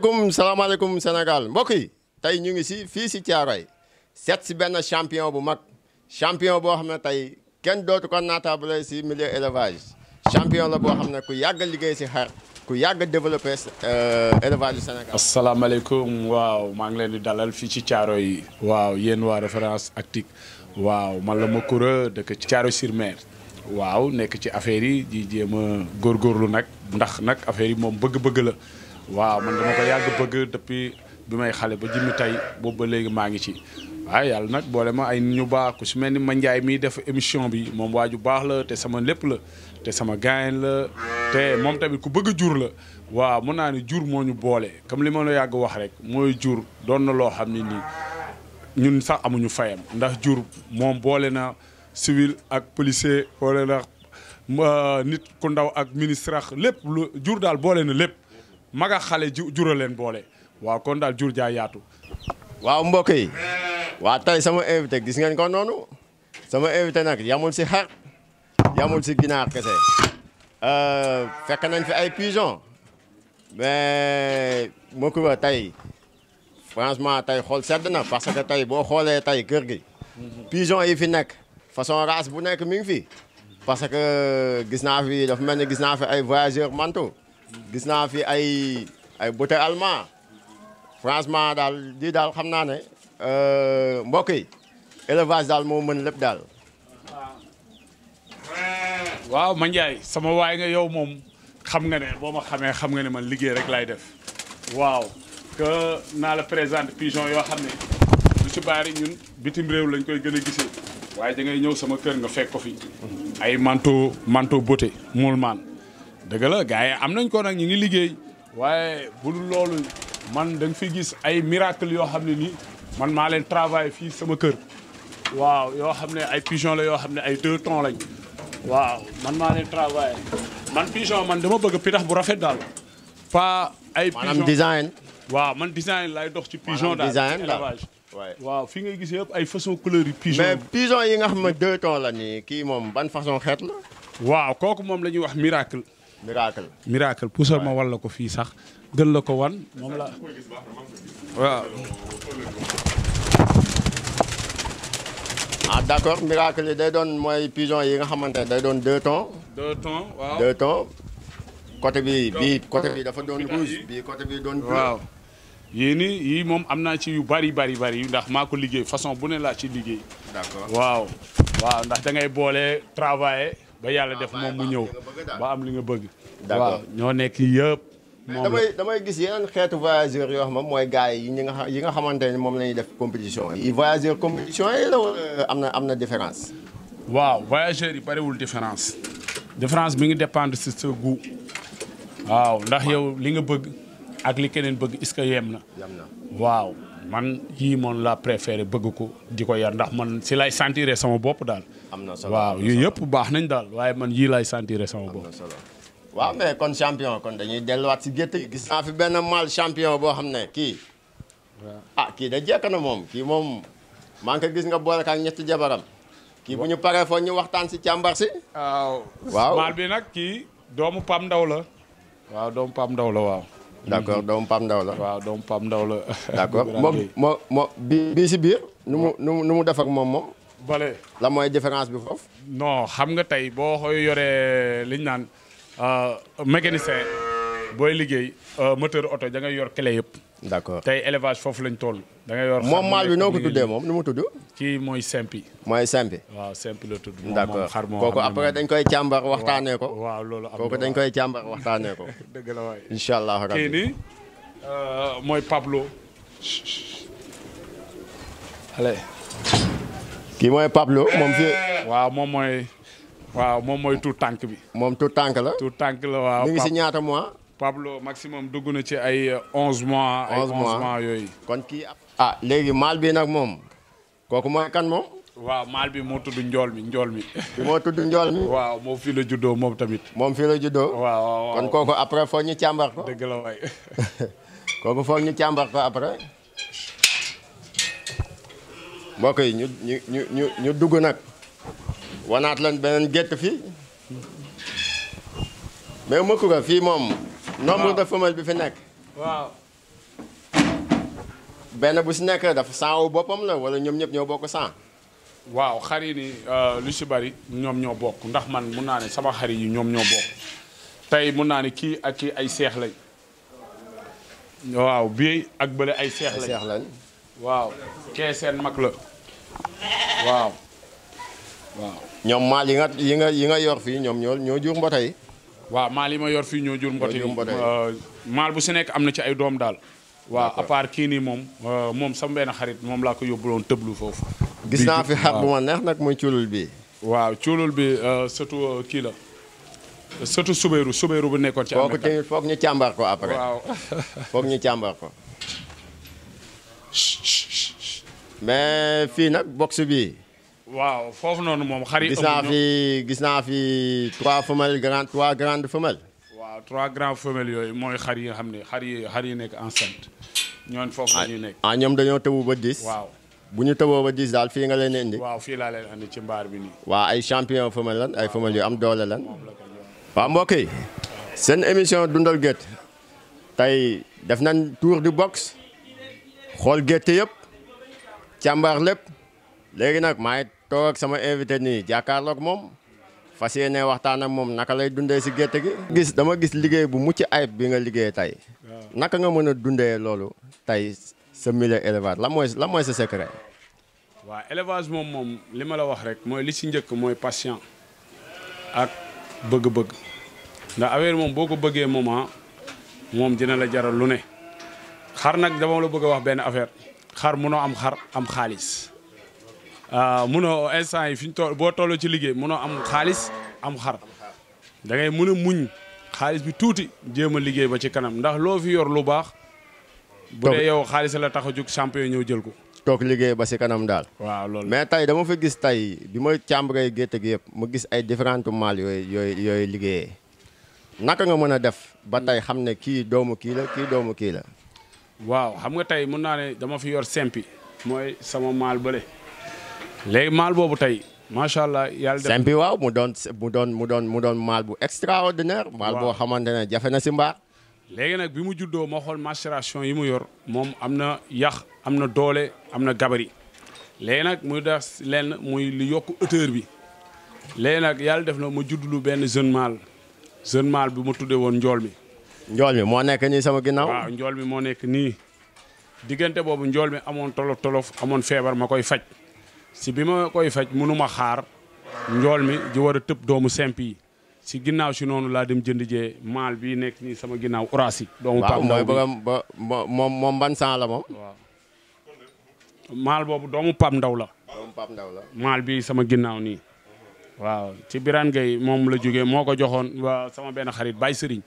salaamaaleykum salaamaaleykum Sénégal mbokk yi tey ñu ngi si fii si yi seet si benn champion bu mag champion boo xam ne tey kenn dootu ko naataable si milieu élevage champion la boo xam ne ku yàgg liggéey si xar ku yàgg développé euh, élevage du Sénégal. asalaamaaleykum waaw maa ngi leen di dalal fii ci caaro yi. waaw yéen waa référence actique waaw man la Macoura dëkk Thiaroye-sur-Mer. waaw nekk ci affaire yi di jéem a lu nag ndax nag affaire yi moom bëgg-bëgg la. waaw man dama ko yàgg bëgg depuis bi may xale ba jimmi tey boobu ba léegi maa ngi ci waaw yàlla nag boole ma ay ñu baax ku su mel ni ma Ndiaye mii def émission bi moom waa ju baax la te sama lépp la te sama gaañ la te moom tamit ku bëgg jur la waaw mun naa ne jur moo ñu boole comme li ma la yàgg wax rek mooy jur doon na loo xam ne nii ñun sax amuñu fayam ndax jur moom boole na siwil ak policier boole na euh, nit ku ndaw ak ministre lépp lu jur daal boole na lépp. maga xale xale jura leen boole waaw kon daal jur jaa yaatu. waaw mbokk yi waaw tey sama invité gis ngeen ko noonu sama invité nag yamul si xar yamul si ginaar kese euh, fekk nañ fi ay pigeon mais Macoumba tey franchement tey xool sedd na parce que tey boo xoolee tey kër gi pigeon yi fi nekk façon race bu nekk mi ngi fi parce que gis naa fi dafa mel ne gis naa fi ay voyageurs manteau gis naa fi ay ay bouteille allemand franchement daal lii daal xam naa ne euh, mbokk yi élevage daal moo mën lépp daal. waaw ma Ndiaye sama waay nga yow moom xam nga ne boo ma xamee xam nga ne man liggéey rek laay def waaw que naa la présente pigeon yoo xam ne lu ci bari ñun bitim réew lañ koy gën a gisee waaye da ngay ñëw sama kër nga fek ko fi. ay manteau manteau beauté muul maan dëgg la gars yi am nañ ko nag ñu ngi liggéey waaye bu loolu man da nga gis ay miracle yoo xam ne ni man maa leen travail fii sama kër waaw yoo xam ne ay pigeon la yoo xam ne ay deux tons lañ man maa leen travail man pigeon man dama bëgg pitax bu rafet daal pas ay pigeon maanaam design waaw man design lay dox ci pigeon daal design élevage waaw fi ngay gis yëpp ay façon couleur yi pigeon mais pigeon yi nga xam ne deux tons la nii kii moom ban façon xeet na waaw kooku moom la ñuy wax miracle miracle miracle puusal ma walla ko fii sax gën la ko wan moom la waaw ah d' accord miracle yi day doon mooy pigeon yi nga xamante ne day doon deux tons deux tons waaw bi bii côté dafa doon rouge bii côté bi doon bleu waaw yii nii yii moom am naa ci yu bari bari bari ndax maa ko liggéey façon bu ne laa ci liggéey waaw ndax da boole travailler ba yàlla def moom mu ñëw ba am li nga bëgg. d'accord ñoo nekk yëpp. moom damay damay gis yeneen xeetu voyageurs yoo xam mooy gars yi ñi nga yi nga xamante ne moom la ñuy def compétition yi. voyageurs compétition yi la am na am na différence. waaw voyageurs yi bariwul différence. différence bi ngi dépendre si sa goût. waaw ndax yow li nga bëgg ak li keneen bëgg est-ce que yem na. waaw. man yii moom laa préféré bëgg ko di ko yar ndax man si lay sentir sama bopp daal. am na solo waaw yooyu yëpp baax nañ daal waaye man yii lay sentir sama bopp. waaw mais kon champion kon dañuy delluwaat si gétt gis naa fi benn mal champion boo xam ne kii. ah kii da jekk na moom kii moom maa nga gis nga boole ak ñetti jabaram. kii bu ñu pare foo ñu waxtaan si càmbar si. waaw maal bi nag kii doomu Pam Ndaw la. waaw doomu Pam Ndaw la waaw. d' accord doomu Pape Ndaw la. waaw doomu Pape Ndaw la. d' accord moom moo moo bi bii si biir. nu mu nu mu nu mu def ak moom moom. bale la mooy différence bi foofu. non xam nga tey boo xooy yoree li ñu naan euh, mécanicien booy liggéey euh, moteur oto da ngay yor clé yëpp. d' accord tey élevage foofu lañu tool da ngay yor moom maal bi noo ko tuddee moom nu mu tudd. kii mooy sempi mooy simpi. waaw simpi la tudd. d' accord kooku après dañ koy càmbar waxtaanee ko. waaw loolu am kooku dañ koy càmbar waxtaanee ko. dëgg la waay incha allah rabbi kii nii euh, mooy Pablo. allez. moom fii. waaw moom mooy. waaw moom mooy tout tànk bi. moom tout tànk la. tout tànk la waaw. mi ngi si ñaata mois. Pablo maximum dugg na ci ay euh, onze mois. ay onze mois yooyu. kon kii ah léegi maal bi nag moom kooku mooy kan moom. waaw maal bi moo tudd njool mi njool mi. moo tudd njool mi. waaw moom fii la juddoo moom tamit. moom fii la juddoo. waaw waaw kon kooku après foog ñu càmbar ko. dëgg ñu càmbar ko après. mbokk yi ñu dugg nag. wanaat leen beneen gétt fii. mais mëkku nga fii moom. nombre de femelles bi fi nekk. waaw. benn bu si nekk dafa sang boppam la wala ñoom ñëpp ñoo bokk sang. waaw xar yi ni euh, lu si bari ñoom ñoo bokk ndax man mun naa ne sama xar yi ñoom ñoo bokk tey mun naa ne kii ak kii ay seex lañ. waaw bii ak bële ay seex lañ seex lañ. waaw kee seen mag la. waaw. waaw ñoom maal yi nga yi nga yi nga yor fii ñoom ñoo ñoo jur mbootaay. waaw maal yi ma yor fii ñoo jur mbote maal bu si nekk am na ci ay doom daal waaw à part kii nii moom euh, moom sama benn xarit moom laa ko yóbbuloon tëblu foofu gis naa fi xar bu ma neex nag mooy cuulul bi waaw cuulul bi euh, surtout euh, kii la surtout subeeru subeeru bu nekkoon ci am na foog ñu càmbar ko après waaw foog ñu càmbar ko mais fii nag box bi waaw foof noonu moom xar gis naa fi gis naa fi trois femelles grand trois grandes femelles. waaw trois grandes femelles yooyu mooy xar yi nga xam ne xar yi xar yi nekk enceinte ñoon foofu la ah, ñuy nekk. ah ñoom dañoo tëbu ba dix. waaw bu ñu tëboo ba dix daal fii nga leen indi. waaw fii laa leen indi ci mbaar bi nii. waaw ay champion femelle lan ay femelles yu am doole lan. waaw mbokk seen émission dundal gétt tey def na tour du box xool gétt yëpp càmbar lépp léegi nag maa toog ak sama invité nii jàkkaarloog moom fas yéene waxtaan ak moom naka lay dundee si gerte gi. gis dama gis liggéey bu mucc ayib bi nga liggéey tey naka nga mën a dundee loolu tey sa milieu élevage la mooy la mooy sa secret. waaw élevage moom moom li ma la wax rek mooy li si njëkk mooy patient ak bëgg-bëgg ndax affaire moom boo ko bëggee moment ah, moom dina la jaral lu ne xar nag dama la bëgg a wax benn affaire xar munoo am xar am xaalis. Ah, munoo instant yi fi ñu toll boo tolloo ci liggéey munoo am xaalis am xar dangay ngay mun a muñ xaalis bi tuuti jéem a liggéey ba ci kanam ndax loo fi yor lu baax. bu dee yow xaalis la tax a jóg champion ñëw jël ko. toog liggéey ba si kanam daal. waaw loolu mais tey dama fa gis tey bi ma càmbaree gétt gi yëpp ma gis ay différentes mal yooyu yooyu yooyu liggéeyee naka nga mën a def ba tey xam ne kii doomu kii la kii doomu kii la. waaw xam nga tey mun naa ne dama fi yor simpi mooy sama maal bële. léegi maal boobu tey macha allah yàlla def waaw mu doon mu doon mu doon mu doon maal bu extraordinaire maal boo xamante ne jafe na si mbaa léegi nag bi mu juddoo moo xool macération yi mu yor moom am na yax am na doole am na gabari léegi nag muy des lenn muy lu yokk hauteur bi léegi nag yàlla def na mu juddlu benn jeune mâle jeune mâle bi mu tuddee woon njool mi njool mi moo nekk nii sama ginnaaw njool mi moo nekk nii diggante boobu njool mi amoon tolof tolof amoon feebar ma koy faj si bi ma koy faj mënuma xaar njool mi di war a tëb doomu simp si ginnaaw si noonu laa dem jënd jee maal bii nekk nii sama ginnaaw oraas yi. doomu Pape Ndaw waaw ba moom moom ban moom. maal boobu doomu Pape Ndaw la. doomu la. maal bii sama ginnaaw nii. waaw ci Birane Gueye moom la jógee moo ko joxoon waa sama benn xarit Baye Serigne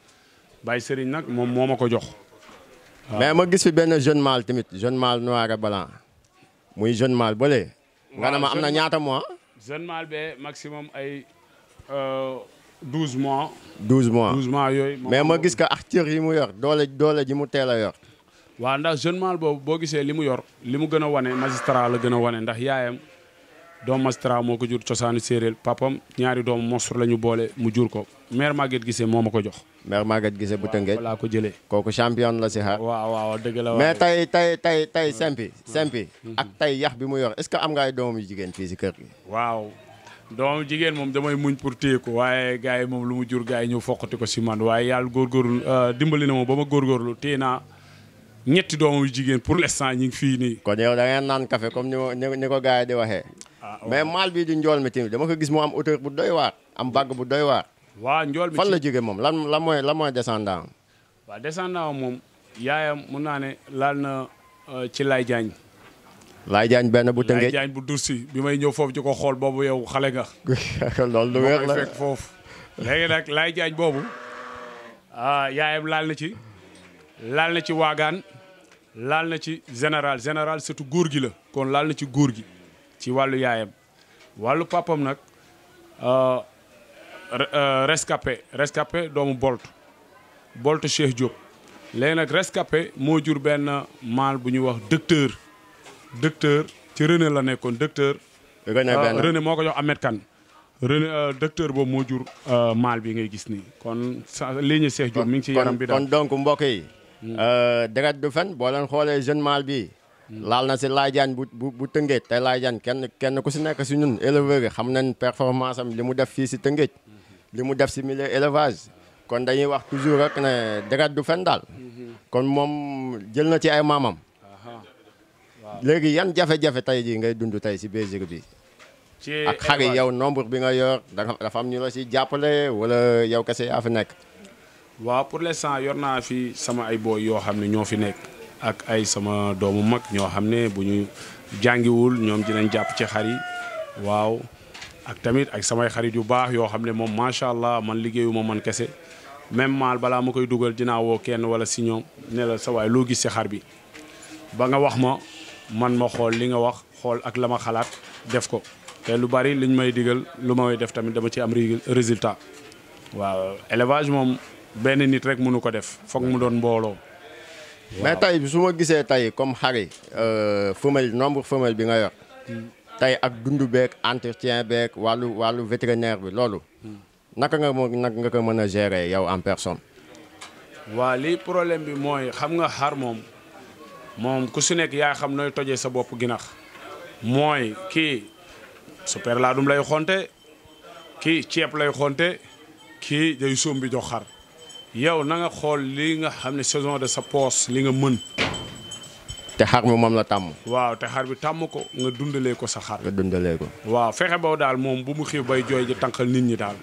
Baye Serigne nag moom moo ma ko jox. mais ma gis fi benn jeune mâle tamit jeune mâle noir et blanc muy jeune mâle bële. nga ne ma am na ñaata mois. jeune mâle be maximum ay euh, douze mois. douze mois douze mois yooyu. mais ma gis que ak cër yi mu yor doole doole ji mu teel a yor. waa ndax jeune mâle boobu boo gisee li mu yor. li mu gën a wane magistrat la gën a wane ndax yaayam doom magistrat moo ko jur cosaanu séeréer papam ñaari doomu monstre la ñu boole mu jur ko mère Maguette gisee moo ma ko jox. mère Maguette Guissé bu Tëngéej waaw ko jëlee. kooku champion la si xaar. waaw waaw dëgg la mais tey tey tey tey hmm. sempi sempi hmm. ak tey yax bi mu yor est ce que am nga ay jigéen fii si kër gi. waaw doom jigéen moom damay muñ pour téye ko waaye gars yi moom lu mu jur gars yi ñëw fokkati ko si man waaye yàlla góorgóorlu euh, dimbali na moom ba ma góorgóorlu téye naa ñetti doomu jigéen pour l'instant ñu ngi fii nii. kon yow da naan kafe comme ni ni ko gars yi di waxee. Ah, mais maal bii di njool mi tamit dama ko gis mu am auteur bu doy waar am bàgg bu doy waar waaw njool mi fan la jóge moom lan lan mooy lan mooy descendant waaw descendant moom yaayam mun naa ne laal na euh, ci lay Diagne Laye Diagne benn bu tëngee Laye Diagne bu dursi bi may ñëw foofu ci ko xool boobu yow xale nga loolu lu wér la fekk foofu léegi nag Laye Diagne boobu ah, yaayam laal na ci laal na ci waagaan laal na ci général général surtout góor gi la kon laal na ci góor gi ci wàllu yaayam wàllu papam nag euh, Euh, rescapé rescapé doomu Bolt Bolt Cheikh Diop léegi nag rescapé moo jur benn maal bu ñuy wax docteur docteur ci René la nekkoon docteur. René euh, René moo ko jox Ahmed Kane. René euh, docteur boobu moo jur maal bi ngay gis nii kon sa lii ñu Cheikh Diop mi ngi ci yaram bi daal kon donc mbokk yi. Hmm. deret du fen boo leen xoolee jeune maal bi hmm. laal na si laajaan bu bu bu tëngéej te laajaan kenn kenn ku si nekk si ñun éleveur yi xam nañ performance am li mu def fii si tëngéej. Hmm. li mu def si milieu élevage kon dañuy wax toujours rek ne deret du fen daal kon moom jël na ci ay maamam léegi yan jafe-jafe tey jii ngay dund tey si bergerie bi ak xar yi yow nombre bi nga yor dafa am ñu la si jàppale wala yow kese yaa fi nekk waaw pour le l'instant yor naa fi sama ay booy yoo xam ne ñoo fi nekk ak ay sama doomu mag ñoo xam ne bu ñu jàngiwul ñoom dinañ jàpp ci xar yi waaw ak tamit ak samay xarit yu baax yoo xam ne moom macha allah man liggéeyuma man kese même maal balaa ma koy dugal dinaa woo kenn wala si ñoom ne la sa waay loo gis si xar bi ba nga wax ma man ma xool li nga wax xool ak la ma xalaat def ko te lu bari liñ may digal lu may def tamit dama ci am résultat waaw élevage moom benn nit rek mënu ko def foog mu doon mbooloo. mais tey su ma gisee tey comme xari euh, femelle nombre femelle bi nga yor. Hmm. tey ak dund beek entretien beek wàllu wàllu vétérinaire bi loolu naka nga mo nag nga ko mën a gérer yow en personne waa lii problème bi mooy xam nga xar moom moom ku si nekk yaay xam nooy tojee sa bopp ginax mooy kii super laa dum lay xonte kii ceeb lay xonte kii day bi jox xar yow nanga xool li nga xam ne saison de sa poos li nga mën te xar mi moom la tàmm. waaw te xar bi tàmm ko nga dundalee ko sa xar. nga dundalee ko. waaw fexe boo daal moom bu mu xiif bay jooy ji tànqal nit ñi daal.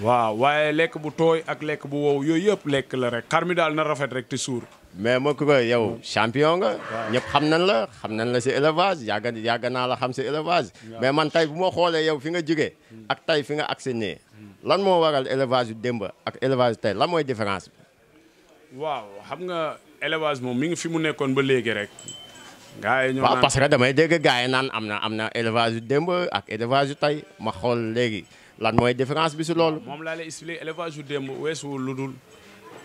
waaw waaye lekk bu tooy ak lekk bu wow yooyu yëpp lekk la rek xar mi daal na rafet rek te suur. mais ma ko yow mm. champion nga. ñëpp xam nañ la xam nañ la si élevage yàgg yàgg naa la xam si élevage. mais man tey bu ma xoolee yow fi nga jógee. Mm. ak tey fi nga agsi ne mm. lan moo waral élevage yu démb ak élevage tey lan mooy différence élevage moom mi ngi fi mu nekkoon ba léegi rek. gaa yi ñoo naan waaw que damay dégg gaa yi naan am na am na élevage yu ak élevage yu tey ma xool léegi lan mooy différence bi si loolu. moom laa lay expliquer élevage yu démb weesuwul lu dul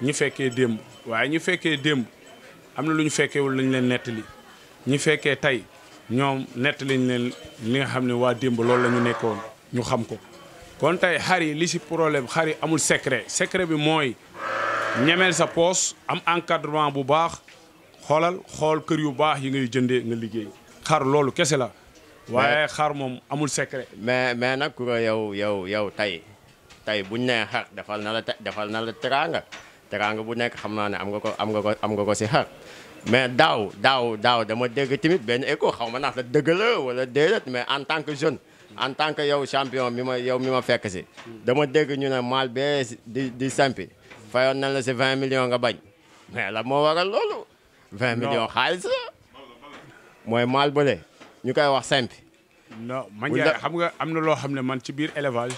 ñu fekkee démb waaye ñu fekkee démb am na lu ñu fekkeewul lañ leen nettali ñu fekkee tey ñoom nettali ñu leen li nga xam ne waa démb loolu la ñu nekkoon ñu xam ko kon tey xar yi li si problème xar amul secret secret bi mooy. ñemeel sa poos am encadrement bu baax xoolal xool kër yu baax yi ngay jënde nga liggéey xar loolu kese la waaye xar moom amul secret mais mais nag Coura yow yow yow tey tey buñ nee xar defal na la defal na la teraanga teraanga bu nekk xam naa ne am nga ko am nga am nga ko si xar mais daaw daaw daaw dama dégg tamit benn écho xaw ma naax la dëgg la wala déedéet mais en tant que jeune en tant que yow champion mi ma yow mi ma fekk si dama dégg ñu ne mal bee di di simpi fayoon nañ la si 20 millions nga bañ mais la moo waral loolu. 20 xaalis la. mooy maal bële ñu koy wax simple. non man Ndiaye xam nga am na loo xam ne man ci biir élevage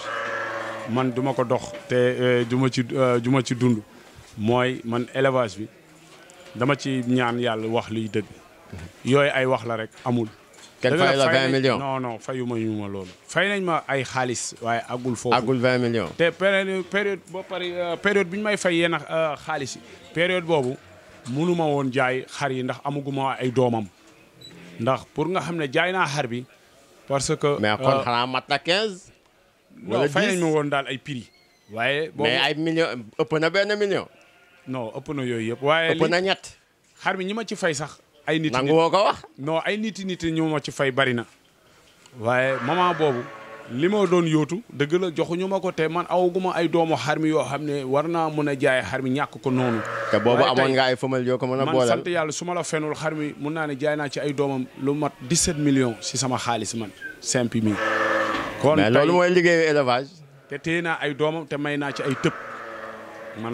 man duma ko dox te euh, du ma ci juma euh, ci dund mooy man élevage bi dama ci ñaan yàlla wax liy dëgg mhm. yooyu ay wax la rek amul kenn fay la 20 millions non fayu ma ñu loolu. fay nañ ma ay xaalis waaye agul foofu. agul 20 millions. te période période boo pare euh, période bi ñu may fay yenn euh, xaalis yi période boobu munu ma woon jaay xar yi ndax amaguma ay doomam ndax pour nga xam ne jaay naa xar bi parce que. mais kon euh, xanaa mat na 15. wala 10 non fay nañ ma woon daal ay prix. waaye boobu mais ay millions ëpp na benn million. non ëpp na yooyu yëpp. waaye ëpp na ñett. xar bi ñi ma ci fay sax. ay nit nangu woo ko wax non ay nit nit ñu ma ci fay bari na waaye moment boobu li ma doon yóotu dëgg la joxuñu ma ko te man awuguma ay doomu xar mi yoo xam ne war naa mun a jaay xar mi ñàkk ko noonu te boobu amoon nga ay fëmal yoo ko mën a man sant yàlla su la fenul xar mi mun naa ne jaay naa ci ay doomam lu mat 17 millions si sama xaalis man simpi mi kon mais loolu mooy liggéeyu te téye naa ay doomam te may naa ci ay tëb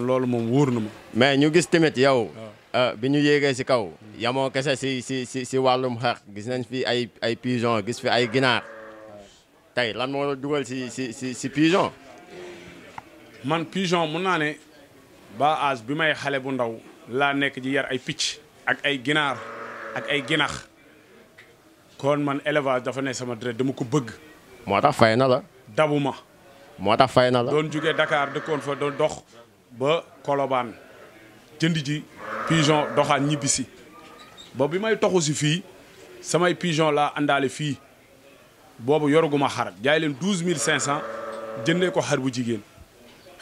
loolu moom wuur na ma mais ñu gis tamit yow Euh, bi ñu yéegee si kaw yamoo kese si si si si wàllum xeex gis nañ fi ay ay gis fi ay ginaar tey lan moo dugal si si si si man pigeon mun naa ne ba âge bi may xale bu ndaw laa nekk ji yar ay picc ak ay ginaar ak ay ginax kon man élevage dafa ne sama dire dama ko bëgg. moo tax fay na la. dabu ma. moo tax fay na la. doon dakaar Dakar dëkkoon fa doon dox ba Colobane jënd ji. pigeon doxaan ñibbisi ba bi may toxu si fii samay pigeon laa àndaale fii boobu yoruguma xar jaay leen douze mille cinq cent jëndee ko xar bu jigéen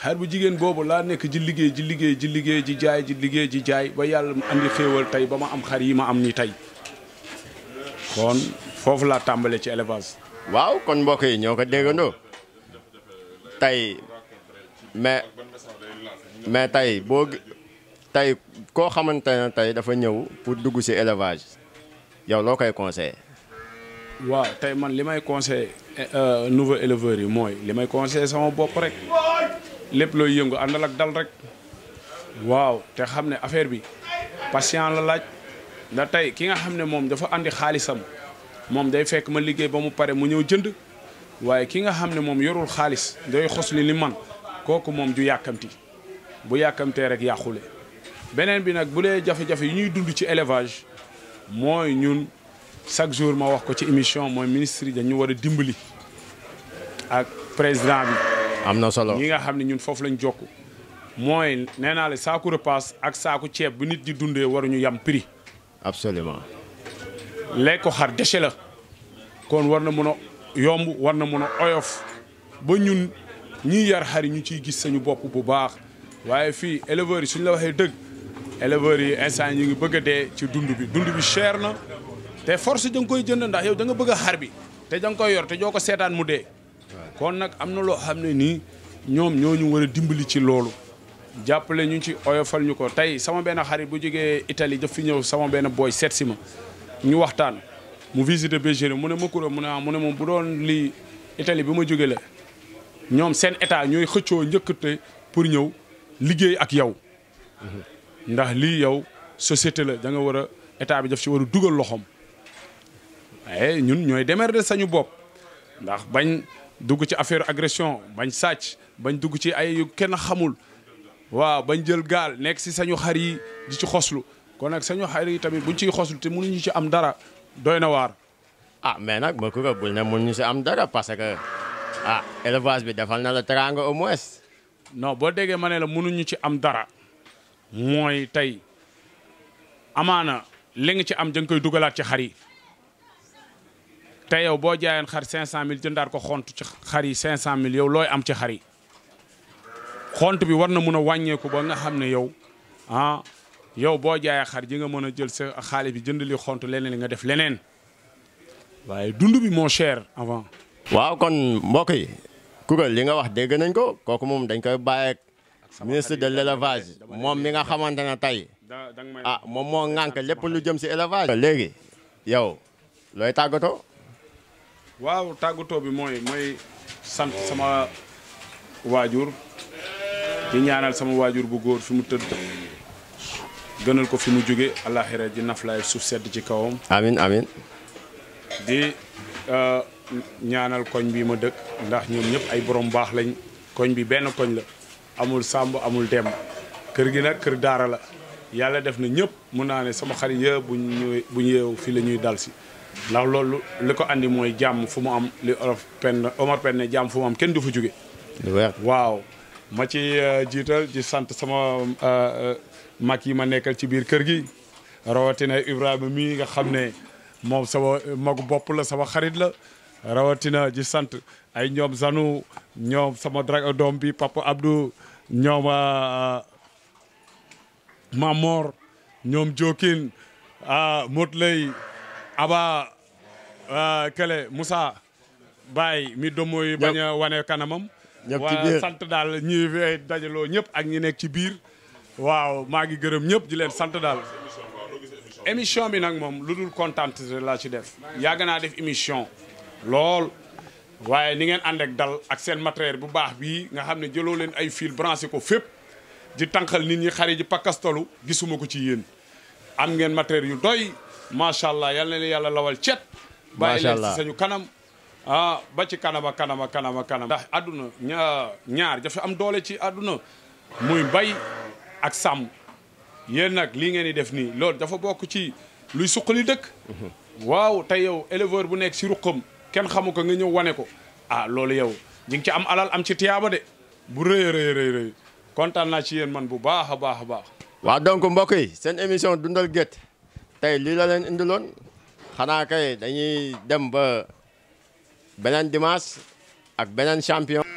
xar bu jigéen boobu laa nekk ji liggéey ji liggéey ji liggéey ji jaay ji liggéey ji jaay ba yàlla mu andi xéewal tey ba ma am xar yi ma am ni tey kon foofu laa tàmbale ci élevage waaw kon mbokk yi ñoo ko déggandoo tey mais mais tey boo tey koo xamante ne tey dafa ñëw pour dugg ci élevage yow loo koy conseillé. waaw tey man li may conseillé eh, euh, nouveau éleveurs yi mooy li may conseillé sama bopp rek lépp looy yëngu àndal ak dal rek waaw te xam ne affaire bi patient la laaj da tey ki nga xam ne moom dafa àndi xaalisam moom day fekk ma liggéey ba mu pare mu ñëw jënd waaye ki nga xam ne moom yorul xaalis day xos li li man kooku moom ju yàkkamti bu yàkkamtee rek yàqule beneen bi nag bu dee jafe-jafe yi ñuy dund ci élevage mooy ñun chaque jour ma wax ko ci émission mooy ministre yi dañu war a dimbali ak président am na solo ñi nga xam ne ñun foofu ñu jokk. mooy nee naa la saaku repas ak saaku ceeb bu nit di dundee ñu yam prix. absolument. lekk xar déchet kon war na mën a yomb war na mën a oyof ba ñun ñiy yar xar yi ñu ciy gis sañu bopp bu baax waaye fii éleveurs yi suñ la waxee dëgg. éleveurs yi instant ñu ngi bëgg a dee ci dund bi dund bi cher na te force da nga koy jënd ndax yow da nga bëgg a xar bi te da nga koy yor te joo ko seetaan mu dee. kon nag am na loo xam ne nii ñoom ñoo ñu war a dimbali ci loolu. jàppale ñu ci oyofal ñu ko tey sama benn xarit bu jógee itali daf fi ñëw sama benn booy seet si ma ñu waxtaan mu visité bergerie mu ne ma kuréel mu ne ah mu ne moom bu doon lii itali bi ma jóge la ñoom seen état ñooy xëccoo njëkkate pour ñëw liggéey ak yow. ndax lii yow société la da nga war a état bi daf ci war a dugal loxoom eh, ñun ñooy démerder sañu bopp ndax bañ dugg ci affaire agression bañ sàcc bañ dugg ci ay kenn xamul waaw bañ jël gaal nekk si sañu xar yi di ci xoslu kon nag sañu xar yi tamit buñ ciy xoslu te mënuñu ci am dara doy na waar. a ah, mais nag mbokk ko buñ ne mënuñu si am dara parce que ah élevage bi defal na la teraanga au moins. non boo déggee ma ne la mënuñu ci am dara. mooy tey amaana li nga ci am da koy dugalaat ci xar yi te yow boo jaayeen xar 500000 jëndaat ko xont ci xar yi 500000 yow looy am ci xar xont bi war na mun a wàññeeku ba nga xam ne yow ah yow boo jaayee xar ji nga mën a jël sa xaalis bi jënd li xont leneen li nga def leneen waaye dund bi moo cher avant. waaw kon mbokk yi Koungheul li nga wax dégg nañ ko kooku moom dañ koy bàyyeek. ministre de l' élevage moom mi nga xamante ne tey ah moom moo ŋànk lépp lu jëm si élevage. léegi yow looy tàggatoo. waaw tàggatoo bi mooy mooy sant sama waajur di ñaanal sama waajur bu góor fi mu tëdd gënal ko fi mu jóge àllaaxira ji naflaay suuf sedd ci kawam. amin amin di euh, ñaanal koñ bi ma dëkk ndax ñoom ñëpp ay borom baax lañ koñ bi benn koñ la. amul sàmb amul dem kër gi nag kër daara la yàlla def na ñëpp mun naa ne sama xarit yëpp bu ñu bu ñu yeewu fii la ñuy dal si ndax loolu li ko andi mooy jàmm fu mu am li olof pen Omar pen ne jàmm fu mu am kenn du fa jóge waaw ma ci euh, jiital ci sant sama euh, euh, mag yi ma nekkal ci biir kër gi rawatina Ibrahima mii nga xam ne moom sama magu bopp la sama xarit la rawatina ji sant ay ñoom Zanu ñoom sama dra doom bi papa Abdou ñoom ah, ah, Mamor ñoom Jokin ah, Motley Aba Kele musa Baye mi domoy bañ a wane kanamam. waa sant daal ñi dajaloo ñëpp ak ñi nekk ci biir. waaw maa ngi gërëm ñëpp di leen sant daal. émission bi nag moom lu dul kontaan laa ci def. yàgg naa def émission. lool waaye ni ngeen ànd dal ak seen matériel bu baax bii nga xam ne jëloo leen ay fil branché ko fépp di tànqal nit ñi xari ji pakkastalu gisuma ko ci yéen am ngeen matériel yu doy macha allah yal na leen yàlla lawal cet bàyyi leen ci sañu kanam ah ba ci kanama kanama kanama kanam ndax àdduna ña ñaar dafa am doole ci àdduna muy bay ak sàmm yéen nag lii ngeen di def nii loolu dafa bokk ci luy suqali dëkk mhm. waaw te yow éleveur bu nekk si ruqam kenn xamu ko nga ñëw wane ko ah loolu yow di nga ci am alal am ci tiyaaba de bu rëy rëy kontaan naa ci yéen man bu baax a baax a baax. waa donc mbokk yi seen émission dundal gétt tey lii la leen indiloon xanaa kay dañuy dem ba beneen dimanche ak beneen champion.